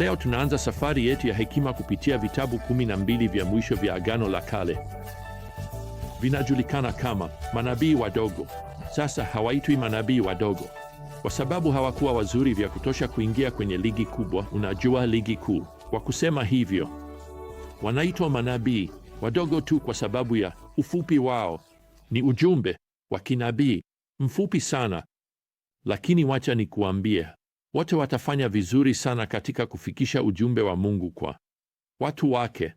Leo tunaanza safari yetu ya hekima kupitia vitabu kumi na mbili vya mwisho vya Agano la Kale. Vinajulikana kama manabii wadogo. Sasa hawaitwi manabii wadogo kwa sababu hawakuwa wazuri vya kutosha kuingia kwenye ligi kubwa, unajua ligi kuu. Kwa kusema hivyo, wanaitwa manabii wadogo tu kwa sababu ya ufupi wao. Ni ujumbe wa kinabii mfupi sana, lakini wacha nikuambie, wote watafanya vizuri sana katika kufikisha ujumbe wa Mungu kwa watu wake.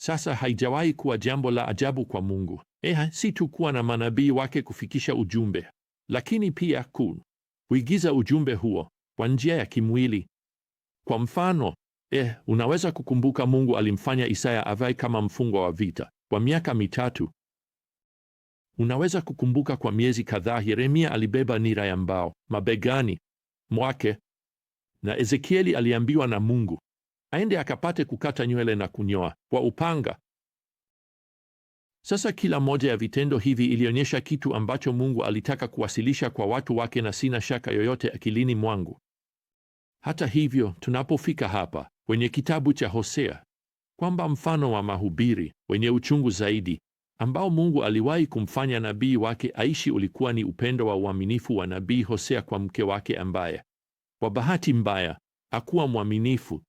Sasa haijawahi kuwa jambo la ajabu kwa Mungu eha, si tu kuwa na manabii wake kufikisha ujumbe, lakini pia ku kuigiza ujumbe huo kwa njia ya kimwili. Kwa mfano eh, unaweza kukumbuka Mungu alimfanya Isaya avae kama mfungwa wa vita kwa miaka mitatu Unaweza kukumbuka kwa miezi kadhaa Yeremia alibeba nira ya mbao mabegani mwake, na Ezekieli aliambiwa na Mungu aende akapate kukata nywele na kunyoa kwa upanga. Sasa kila moja ya vitendo hivi ilionyesha kitu ambacho Mungu alitaka kuwasilisha kwa watu wake, na sina shaka yoyote akilini mwangu. Hata hivyo, tunapofika hapa kwenye kitabu cha Hosea, kwamba mfano wa mahubiri wenye uchungu zaidi ambao Mungu aliwahi kumfanya nabii wake aishi ulikuwa ni upendo wa uaminifu wa nabii Hosea kwa mke wake ambaye kwa bahati mbaya hakuwa mwaminifu.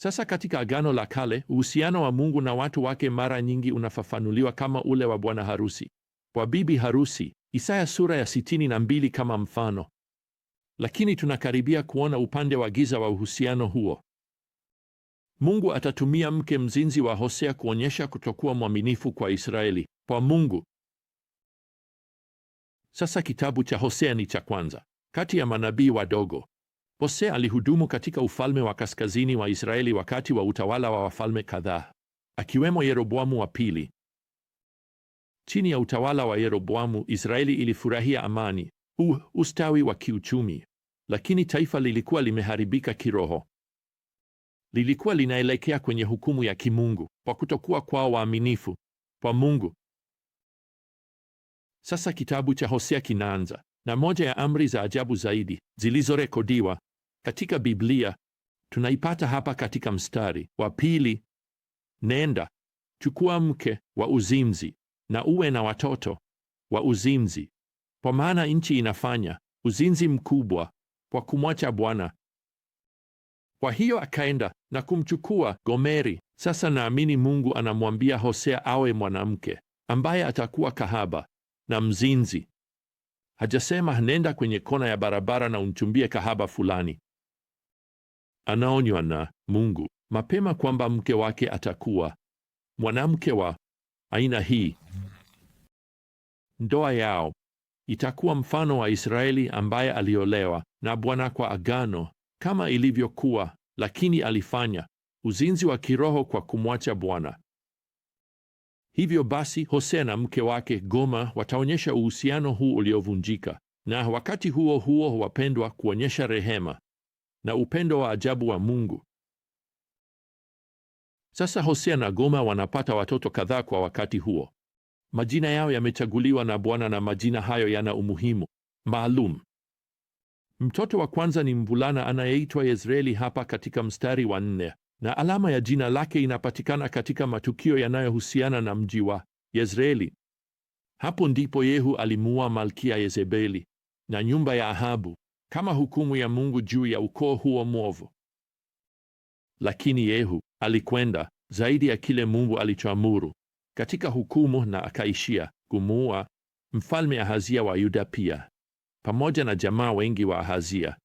Sasa katika Agano la Kale, uhusiano wa Mungu na watu wake mara nyingi unafafanuliwa kama ule wa bwana harusi kwa bibi harusi, Isaya sura ya sitini na mbili kama mfano, lakini tunakaribia kuona upande wa giza wa uhusiano huo. Mungu atatumia mke mzinzi wa Hosea kuonyesha kutokuwa mwaminifu kwa Israeli kwa Mungu. Sasa kitabu cha Hosea ni cha kwanza kati ya manabii wadogo. Hosea alihudumu katika ufalme wa kaskazini wa Israeli wakati wa utawala wa wafalme kadhaa, akiwemo Yeroboamu wa pili. Chini ya utawala wa Yeroboamu, Israeli ilifurahia amani, u ustawi wa kiuchumi, lakini taifa lilikuwa limeharibika kiroho lilikuwa linaelekea kwenye hukumu ya kimungu kwa kutokuwa kwao waaminifu kwa Mungu. Sasa kitabu cha Hosea kinaanza na moja ya amri za ajabu zaidi zilizorekodiwa katika Biblia. Tunaipata hapa katika mstari wa pili: nenda chukua mke wa uzinzi na uwe na watoto wa uzinzi, kwa maana nchi inafanya uzinzi mkubwa kwa kumwacha Bwana kwa hiyo akaenda na kumchukua Gomeri. Sasa naamini Mungu anamwambia Hosea awe mwanamke ambaye atakuwa kahaba na mzinzi. Hajasema nenda kwenye kona ya barabara na umchumbie kahaba fulani. Anaonywa na Mungu mapema kwamba mke wake atakuwa mwanamke wa aina hii. Ndoa yao itakuwa mfano wa Israeli ambaye aliolewa na Bwana kwa agano kama ilivyokuwa, lakini alifanya uzinzi wa kiroho kwa kumwacha Bwana. Hivyo basi, Hosea na mke wake Goma wataonyesha uhusiano huu uliovunjika, na wakati huo huo, wapendwa, kuonyesha rehema na upendo wa ajabu wa Mungu. Sasa Hosea na Goma wanapata watoto kadhaa kwa wakati huo. Majina yao yamechaguliwa na Bwana na majina hayo yana umuhimu maalum. Mtoto wa kwanza ni mvulana anayeitwa Yezreeli hapa katika mstari wa nne, na alama ya jina lake inapatikana katika matukio yanayohusiana na mji wa Yezreeli. Hapo ndipo Yehu alimuua Malkia Yezebeli na nyumba ya Ahabu kama hukumu ya Mungu juu ya ukoo huo mwovu. Lakini Yehu alikwenda zaidi ya kile Mungu alichoamuru katika hukumu na akaishia kumuua mfalme Ahazia wa Yuda pia pamoja na jamaa wengi wa Ahazia.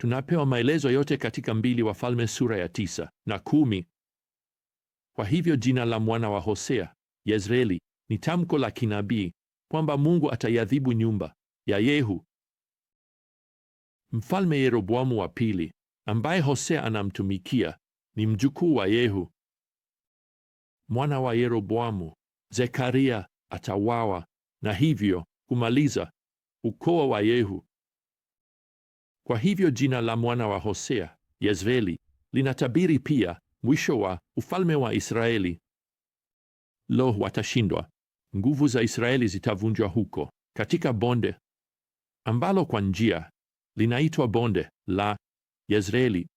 Tunapewa maelezo yote katika mbili Wafalme sura ya tisa na kumi. Kwa hivyo jina la mwana wa Hosea Yezreeli ni tamko la kinabii kwamba Mungu ataiadhibu nyumba ya Yehu. Mfalme Yeroboamu wa pili ambaye Hosea anamtumikia ni mjukuu wa Yehu. Mwana wa Yeroboamu Zekaria atawawa na hivyo kumaliza ukoo wa Yehu. Kwa hivyo jina la mwana wa Hosea, Yezreeli, linatabiri pia mwisho wa ufalme wa Israeli. Lo, watashindwa! Nguvu za Israeli zitavunjwa huko katika bonde ambalo kwa njia linaitwa bonde la Yezreeli.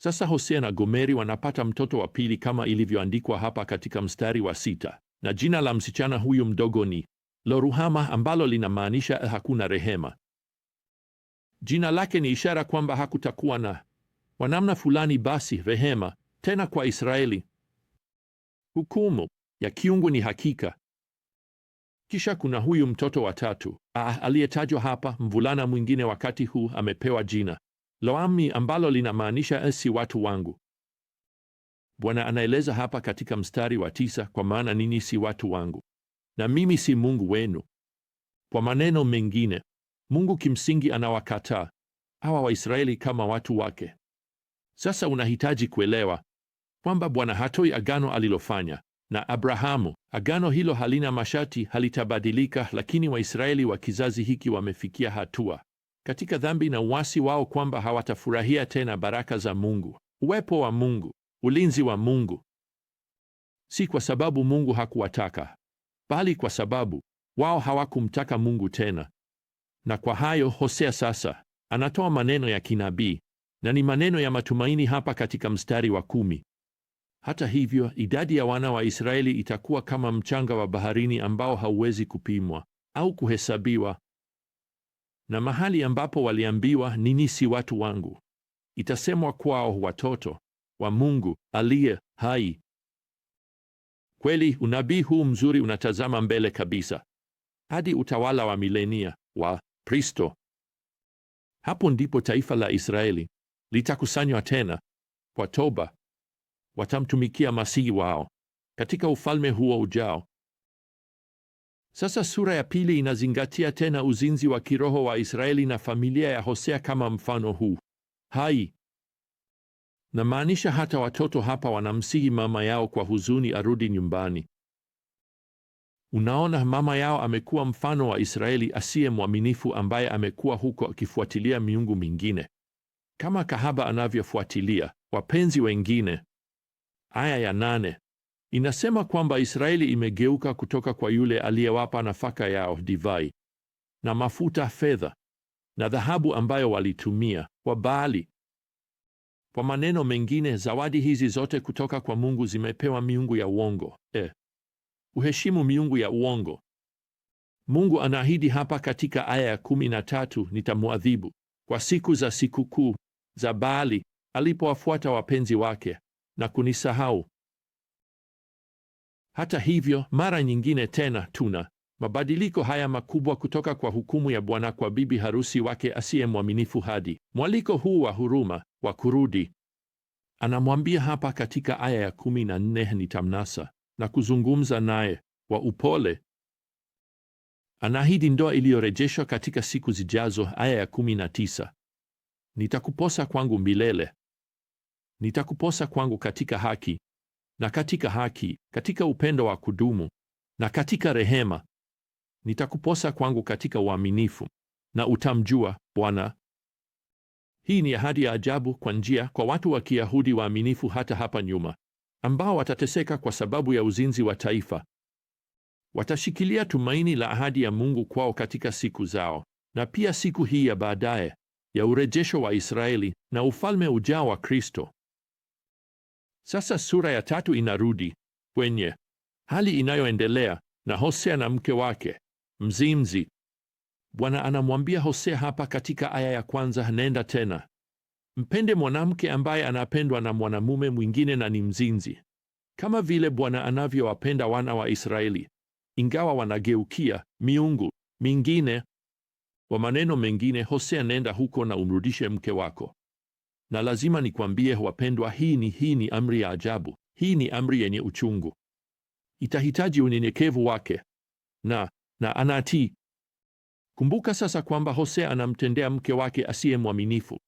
Sasa Hosea na Gomeri wanapata mtoto wa pili kama ilivyoandikwa hapa katika mstari wa sita, na jina la msichana huyu mdogo ni Lo Ruhama ambalo linamaanisha hakuna rehema. Jina lake ni ishara kwamba hakutakuwa na kwa namna fulani basi rehema tena kwa Israeli. Hukumu ya kiungu ni hakika. Kisha kuna huyu mtoto wa tatu ah, aliyetajwa hapa, mvulana mwingine. Wakati huu amepewa jina Loami ambalo linamaanisha eh, si watu wangu. Bwana anaeleza hapa katika mstari wa tisa, kwa maana ninyi si watu wangu na mimi si Mungu wenu. Kwa maneno mengine, Mungu kimsingi anawakataa hawa Waisraeli kama watu wake. Sasa unahitaji kuelewa kwamba Bwana hatoi agano alilofanya na Abrahamu. Agano hilo halina masharti, halitabadilika. Lakini Waisraeli wa kizazi hiki wamefikia hatua katika dhambi na uasi wao kwamba hawatafurahia tena baraka za Mungu, uwepo wa Mungu, ulinzi wa Mungu, si kwa sababu Mungu hakuwataka, bali kwa sababu wao hawakumtaka Mungu tena. Na kwa hayo Hosea sasa anatoa maneno ya kinabii na ni maneno ya matumaini hapa katika mstari wa kumi. Hata hivyo, idadi ya wana wa Israeli itakuwa kama mchanga wa baharini ambao hauwezi kupimwa au kuhesabiwa. Na mahali ambapo waliambiwa ninyi si watu wangu, itasemwa kwao watoto wa Mungu aliye hai. Kweli unabii huu mzuri unatazama mbele kabisa hadi utawala wa milenia wa Kristo. Hapo ndipo taifa la Israeli litakusanywa tena kwa toba, watamtumikia Masihi wao katika ufalme huo ujao. Sasa sura ya pili inazingatia tena uzinzi wa kiroho wa Israeli na familia ya Hosea kama mfano huu hai Namaanisha hata watoto hapa wanamsihi mama yao kwa huzuni arudi nyumbani. Unaona, mama yao amekuwa mfano wa Israeli asiye mwaminifu ambaye amekuwa huko akifuatilia miungu mingine kama kahaba anavyofuatilia wapenzi wengine. Aya ya nane inasema kwamba Israeli imegeuka kutoka kwa yule aliyewapa nafaka yao, divai na mafuta, fedha na dhahabu ambayo walitumia kwa Baali kwa maneno mengine, zawadi hizi zote kutoka kwa Mungu zimepewa miungu ya uongo. E, uheshimu miungu ya uongo. Mungu anaahidi hapa katika aya ya kumi na tatu, nitamwadhibu kwa siku za sikukuu za Baali alipowafuata wapenzi wake na kunisahau. Hata hivyo, mara nyingine tena tuna mabadiliko haya makubwa kutoka kwa hukumu ya Bwana kwa bibi harusi wake asiye mwaminifu hadi mwaliko huu wa huruma wa kurudi. Anamwambia hapa katika aya ya kumi na nne nitamnasa na kuzungumza naye wa upole. Anaahidi ndoa iliyorejeshwa katika siku zijazo. Aya ya kumi na tisa nitakuposa kwangu milele, nitakuposa kwangu katika haki na katika haki, katika upendo wa kudumu na katika rehema, nitakuposa kwangu katika uaminifu, na utamjua Bwana hii ni ahadi ya ajabu kwa njia kwa watu wa Kiyahudi waaminifu hata hapa nyuma, ambao watateseka kwa sababu ya uzinzi wa taifa. Watashikilia tumaini la ahadi ya Mungu kwao katika siku zao na pia siku hii ya baadaye ya urejesho wa Israeli na ufalme ujao wa Kristo. Sasa sura ya tatu inarudi kwenye hali inayoendelea na Hosea na mke wake mzimzi Bwana anamwambia Hosea hapa katika aya ya kwanza, nenda tena mpende mwanamke ambaye anapendwa na mwanamume mwingine na ni mzinzi, kama vile Bwana anavyowapenda wana wa Israeli, ingawa wanageukia miungu mingine. Kwa maneno mengine, Hosea, nenda huko na umrudishe mke wako. Na lazima nikwambie wapendwa, hii ni hii ni amri ya ajabu. Hii ni amri yenye uchungu, itahitaji unyenyekevu wake na na anatii Kumbuka sasa kwamba Hosea anamtendea mke wake asiye mwaminifu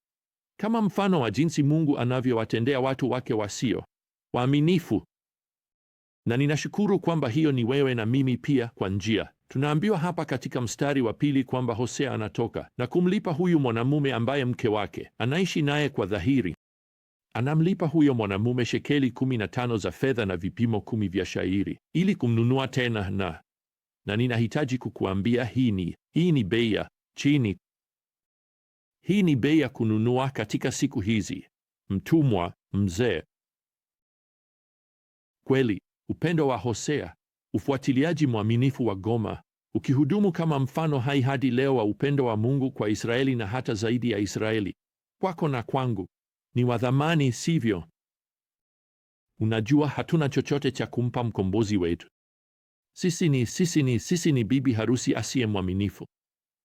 kama mfano wa jinsi Mungu anavyowatendea watu wake wasio waaminifu. Na ninashukuru kwamba hiyo ni wewe na mimi pia kwa njia. Tunaambiwa hapa katika mstari wa pili kwamba Hosea anatoka na kumlipa huyu mwanamume ambaye mke wake anaishi naye kwa dhahiri. Anamlipa huyo mwanamume shekeli 15 za fedha na vipimo kumi vya shairi ili kumnunua tena na na ninahitaji kukuambia hii ni hii ni bei ya chini. Hii ni bei ya kununua katika siku hizi. Mtumwa mzee. Kweli, upendo wa Hosea, ufuatiliaji mwaminifu wa Goma, ukihudumu kama mfano hai hadi leo wa upendo wa Mungu kwa Israeli na hata zaidi ya Israeli, kwako na kwangu, ni wa thamani, sivyo? Unajua, hatuna chochote cha kumpa mkombozi wetu sisi ni sisi ni sisi ni bibi harusi asiye mwaminifu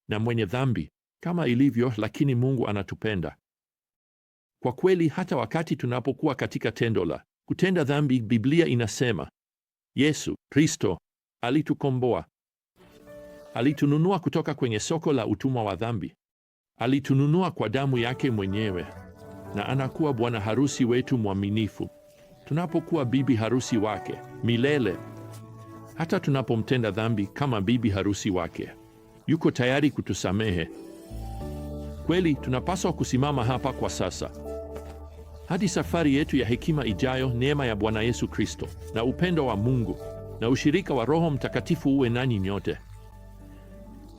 na mwenye dhambi kama ilivyo, lakini Mungu anatupenda kwa kweli, hata wakati tunapokuwa katika tendo la kutenda dhambi. Biblia inasema Yesu Kristo alitukomboa, alitununua kutoka kwenye soko la utumwa wa dhambi, alitununua kwa damu yake mwenyewe, na anakuwa bwana harusi wetu mwaminifu, tunapokuwa bibi harusi wake milele. Hata tunapomtenda dhambi kama bibi harusi wake, yuko tayari kutusamehe. Kweli tunapaswa kusimama hapa kwa sasa hadi safari yetu ya hekima ijayo. Neema ya Bwana Yesu Kristo na upendo wa Mungu na ushirika wa Roho Mtakatifu uwe nanyi nyote.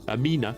Amina.